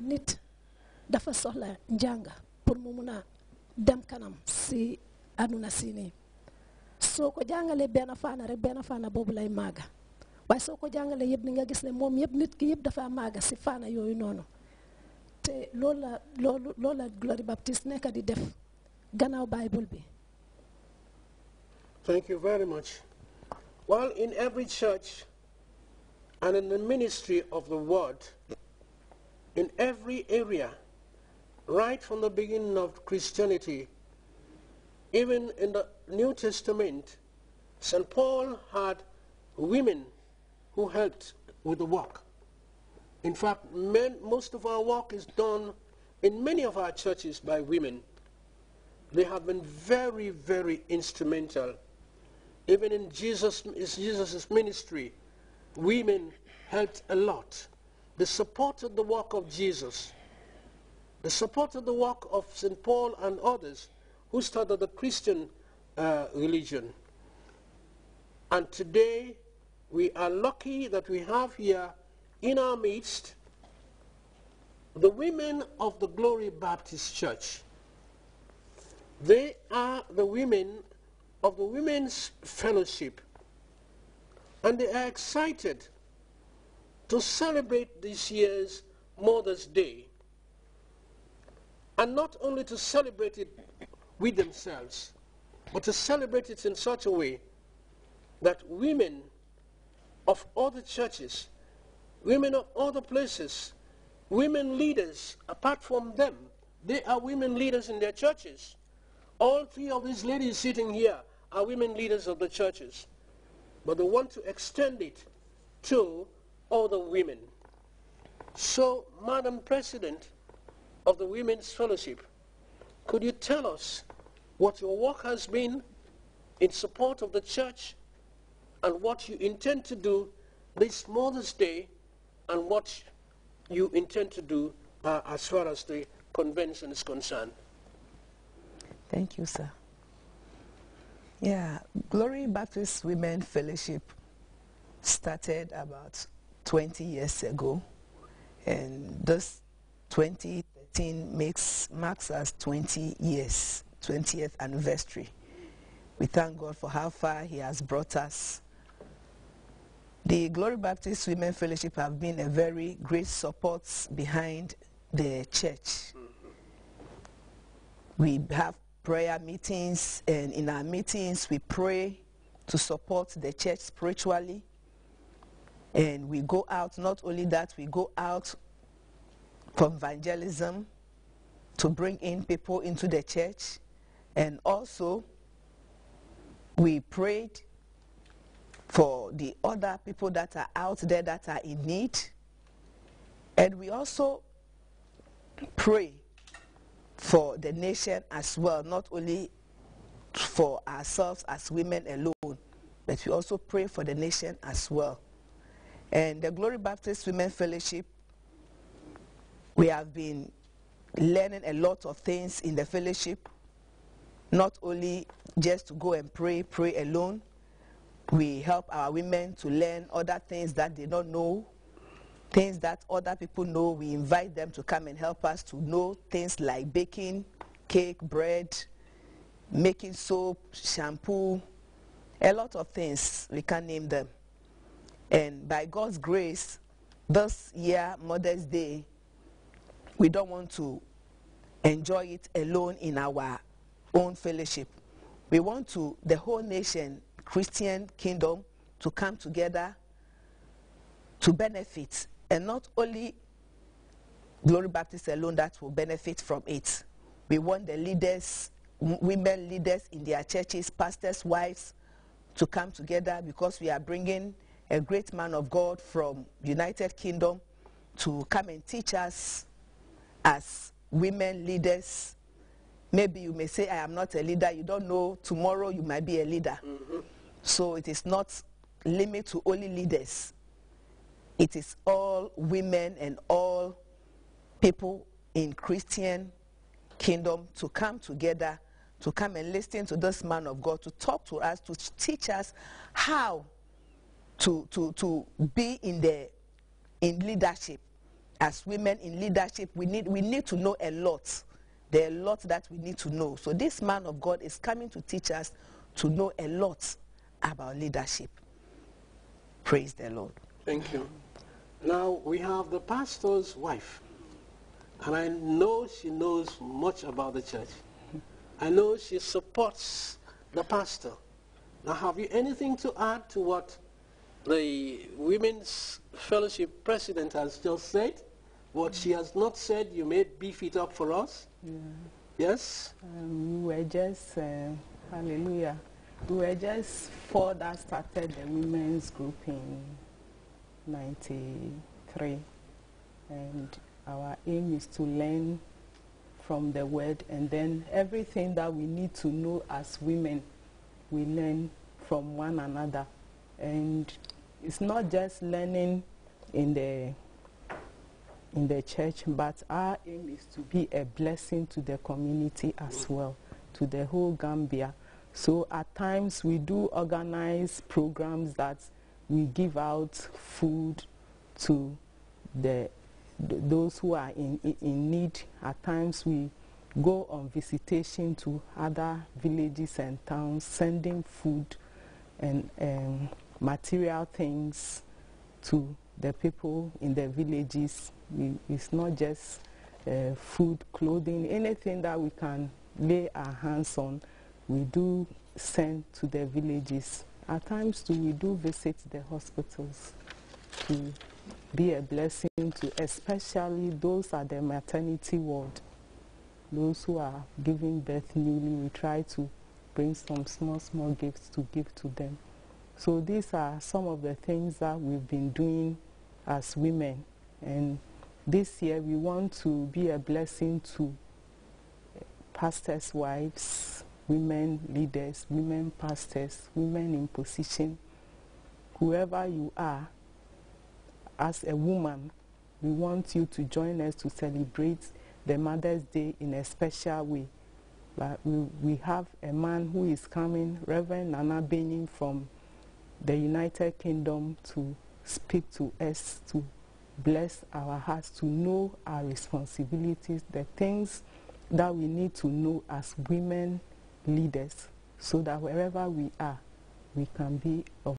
nit dafa soxla pour mu dem kanam si aduna si faana rek faana lay ni nga gis ne nit ki dafa si faana te Glory Baptist di def Bible bi. Thank you very much. Well, in every church and in the ministry of the word in every area, right from the beginning of Christianity, even in the New Testament, St. Paul had women who helped with the work. In fact, men, most of our work is done in many of our churches by women. They have been very, very instrumental. Even in Jesus' Jesus' ministry, women helped a lot. They supported the work of Jesus. They supported the work of St. Paul and others who started the Christian uh, religion. And today, we are lucky that we have here in our midst the women of the Glory Baptist Church. They are the women of the Women's Fellowship. And they are excited to celebrate this year's Mother's Day, and not only to celebrate it with themselves, but to celebrate it in such a way that women of other churches, women of other places, women leaders, apart from them, they are women leaders in their churches. All three of these ladies sitting here are women leaders of the churches. But they want to extend it to all the women. So, Madam President of the Women's Fellowship, could you tell us what your work has been in support of the church and what you intend to do this Mother's Day and what you intend to do uh, as far as the convention is concerned. Thank you, sir. Yeah, Glory Baptist Women Fellowship started about 20 years ago. And this 2013 makes, marks us 20 years, 20th anniversary. We thank God for how far he has brought us. The Glory Baptist Women Fellowship have been a very great support behind the church. We have prayer meetings, and in our meetings we pray to support the church spiritually. And we go out, not only that, we go out from evangelism to bring in people into the church. And also, we prayed for the other people that are out there that are in need. And we also pray for the nation as well, not only for ourselves as women alone, but we also pray for the nation as well. And the Glory Baptist Women Fellowship, we have been learning a lot of things in the fellowship, not only just to go and pray, pray alone. We help our women to learn other things that they don't know, things that other people know. We invite them to come and help us to know things like baking, cake, bread, making soap, shampoo, a lot of things. We can name them. And by God's grace, this year, Mother's Day, we don't want to enjoy it alone in our own fellowship. We want to, the whole nation, Christian kingdom, to come together to benefit. And not only Glory Baptist alone that will benefit from it. We want the leaders, women leaders in their churches, pastors' wives, to come together because we are bringing a great man of God from United Kingdom to come and teach us as women leaders. Maybe you may say, I am not a leader. You don't know. Tomorrow you might be a leader. Mm -hmm. So it is not limited to only leaders. It is all women and all people in Christian kingdom to come together, to come and listen to this man of God, to talk to us, to teach us how to, to, to be in, the, in leadership, as women in leadership, we need, we need to know a lot. There are a lot that we need to know. So this man of God is coming to teach us to know a lot about leadership. Praise the Lord. Thank you. Now we have the pastor's wife. And I know she knows much about the church. I know she supports the pastor. Now have you anything to add to what the Women's Fellowship president has just said. What she has not said, you may beef it up for us. Yeah. Yes? Um, we were just, uh, hallelujah, we were just four that started the women's group in 93. And our aim is to learn from the word and then everything that we need to know as women, we learn from one another. And it's not just learning in the in the church, but our aim is to be a blessing to the community as well, to the whole Gambia. So at times we do organize programs that we give out food to the, th those who are in, in need. At times we go on visitation to other villages and towns, sending food and um, material things to the people in the villages. it's not just uh, food, clothing, anything that we can lay our hands on, we do send to the villages. At times too, we do visit the hospitals to be a blessing to especially those at the maternity ward. Those who are giving birth newly, we try to bring some small, small gifts to give to them. So these are some of the things that we've been doing as women. And this year we want to be a blessing to pastors' wives, women leaders, women pastors, women in position, whoever you are, as a woman, we want you to join us to celebrate the Mother's Day in a special way. But we, we have a man who is coming, Reverend Nana Benin from the United Kingdom to speak to us, to bless our hearts, to know our responsibilities, the things that we need to know as women leaders so that wherever we are, we can be of